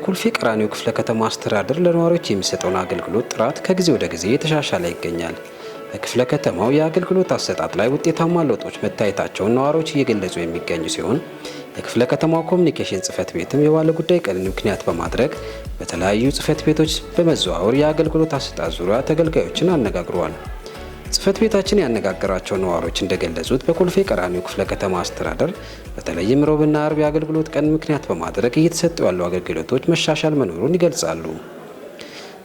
የኩልፌ ቀራኒዮ ክፍለ ከተማ አስተዳደር ለነዋሪዎች የሚሰጠውን አገልግሎት ጥራት ከጊዜ ወደ ጊዜ የተሻሻለ ይገኛል። በክፍለ ከተማው የአገልግሎት አሰጣጥ ላይ ውጤታማ ለውጦች መታየታቸውን ነዋሪዎች እየገለጹ የሚገኙ ሲሆን የክፍለ ከተማው ኮሚኒኬሽን ጽህፈት ቤትም የባለ ጉዳይ ቀንን ምክንያት በማድረግ በተለያዩ ጽህፈት ቤቶች በመዘዋወር የአገልግሎት አሰጣጥ ዙሪያ ተገልጋዮችን አነጋግሯል። ጽህፈት ቤታችን ያነጋገራቸው ነዋሪዎች እንደገለጹት በኮልፌ ቀራኒዮ ክፍለ ከተማ አስተዳደር በተለይም ሮብና አርብ የአገልግሎት ቀን ምክንያት በማድረግ እየተሰጡ ያሉ አገልግሎቶች መሻሻል መኖሩን ይገልጻሉ።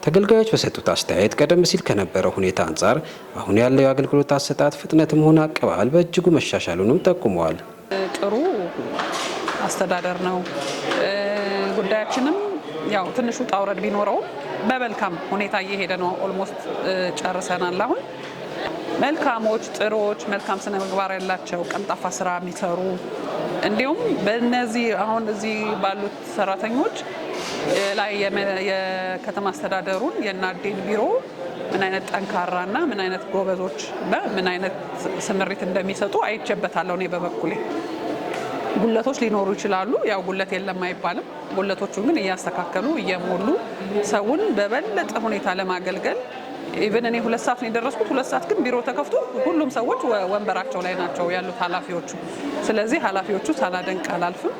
ተገልጋዮች በሰጡት አስተያየት ቀደም ሲል ከነበረው ሁኔታ አንጻር አሁን ያለው የአገልግሎት አሰጣጥ ፍጥነትም ሆነ አቀባበል በእጅጉ መሻሻሉንም ጠቁመዋል። ጥሩ አስተዳደር ነው። ጉዳያችንም ያው ትንሹ ጣውረድ ቢኖረውም በመልካም ሁኔታ እየሄደ ነው። ኦልሞስት ጨርሰናል አሁን መልካሞች፣ ጥሮች፣ መልካም ስነ ምግባር ያላቸው ቀልጣፋ ስራ የሚሰሩ እንዲሁም በነዚህ አሁን እዚህ ባሉት ሰራተኞች ላይ የከተማ አስተዳደሩን የናዴን ቢሮ ምን አይነት ጠንካራ ጠንካራና ምን አይነት ጎበዞች በምን አይነት ስምሪት እንደሚሰጡ አይቼበታለሁ እኔ በበኩሌ። ጉለቶች ሊኖሩ ይችላሉ። ያው ጉለት የለም አይባልም። ጉለቶቹን ግን እያስተካከሉ እየሞሉ ሰውን በበለጠ ሁኔታ ለማገልገል ኢቨን እኔ ሁለት ሰዓት ነው የደረስኩት። ሁለት ሰዓት ግን ቢሮ ተከፍቶ ሁሉም ሰዎች ወንበራቸው ላይ ናቸው ያሉት ኃላፊዎቹ። ስለዚህ ኃላፊዎቹ ሳላደንቅ አላልፍም።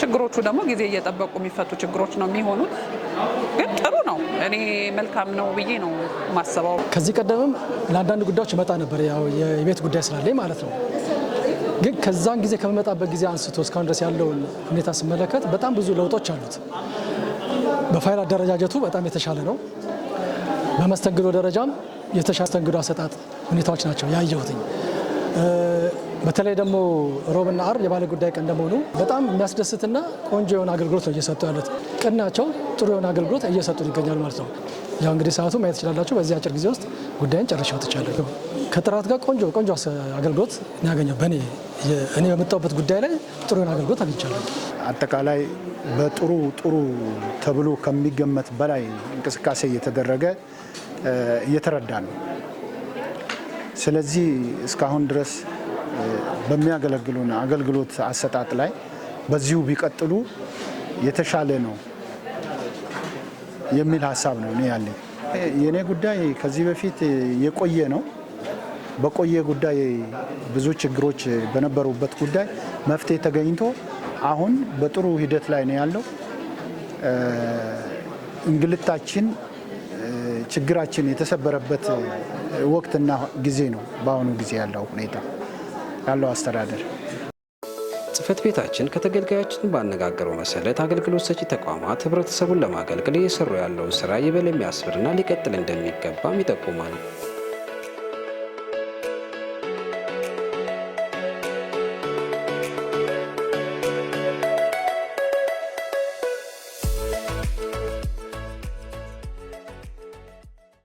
ችግሮቹ ደግሞ ጊዜ እየጠበቁ የሚፈቱ ችግሮች ነው የሚሆኑት። ግን ጥሩ ነው፣ እኔ መልካም ነው ብዬ ነው ማስበው። ከዚህ ቀደምም ለአንዳንድ ጉዳዮች መጣ ነበር፣ ያው የቤት ጉዳይ ስላለኝ ማለት ነው ግን ከዛን ጊዜ ከመጣበት ጊዜ አንስቶ እስካሁን ድረስ ያለውን ሁኔታ ስመለከት በጣም ብዙ ለውጦች አሉት። በፋይል አደረጃጀቱ በጣም የተሻለ ነው። በመስተንግዶ ደረጃም የተሻለ መስተንግዶ አሰጣጥ ሁኔታዎች ናቸው ያየሁትኝ። በተለይ ደግሞ ሮብና አርብ የባለ ጉዳይ ቀን እንደመሆኑ በጣም የሚያስደስትና ቆንጆ የሆነ አገልግሎት ነው እየሰጡ ያሉት። ቅናቸው ጥሩ የሆነ አገልግሎት እየሰጡ ይገኛሉ ማለት ነው። ያው እንግዲህ ሰዓቱ ማየት ትችላላችሁ። በዚህ አጭር ጊዜ ውስጥ ጉዳይን ጨርሼ ወጥቻለሁ። ከጥራት ጋር ቆንጆ ቆንጆ አገልግሎት ያገኘው በእኔ እኔ በመጣሁበት ጉዳይ ላይ ጥሩ የሆነ አገልግሎት አግኝቻለሁ። አጠቃላይ በጥሩ ጥሩ ተብሎ ከሚገመት በላይ እንቅስቃሴ እየተደረገ እየተረዳ ነው። ስለዚህ እስካሁን ድረስ በሚያገለግሉን አገልግሎት አሰጣጥ ላይ በዚሁ ቢቀጥሉ የተሻለ ነው የሚል ሀሳብ ነው እኔ ያለኝ። የእኔ ጉዳይ ከዚህ በፊት የቆየ ነው። በቆየ ጉዳይ ብዙ ችግሮች በነበሩበት ጉዳይ መፍትሄ ተገኝቶ አሁን በጥሩ ሂደት ላይ ነው ያለው። እንግልታችን፣ ችግራችን የተሰበረበት ወቅትና ጊዜ ነው በአሁኑ ጊዜ ያለው ሁኔታ። ያለው አስተዳደር። ጽህፈት ቤታችን ከተገልጋዮችን ባነጋገረው መሰረት አገልግሎት ሰጪ ተቋማት ህብረተሰቡን ለማገልገል እየሰሩ ያለውን ስራ ይበል የሚያስብርና ሊቀጥል እንደሚገባም ይጠቁማል።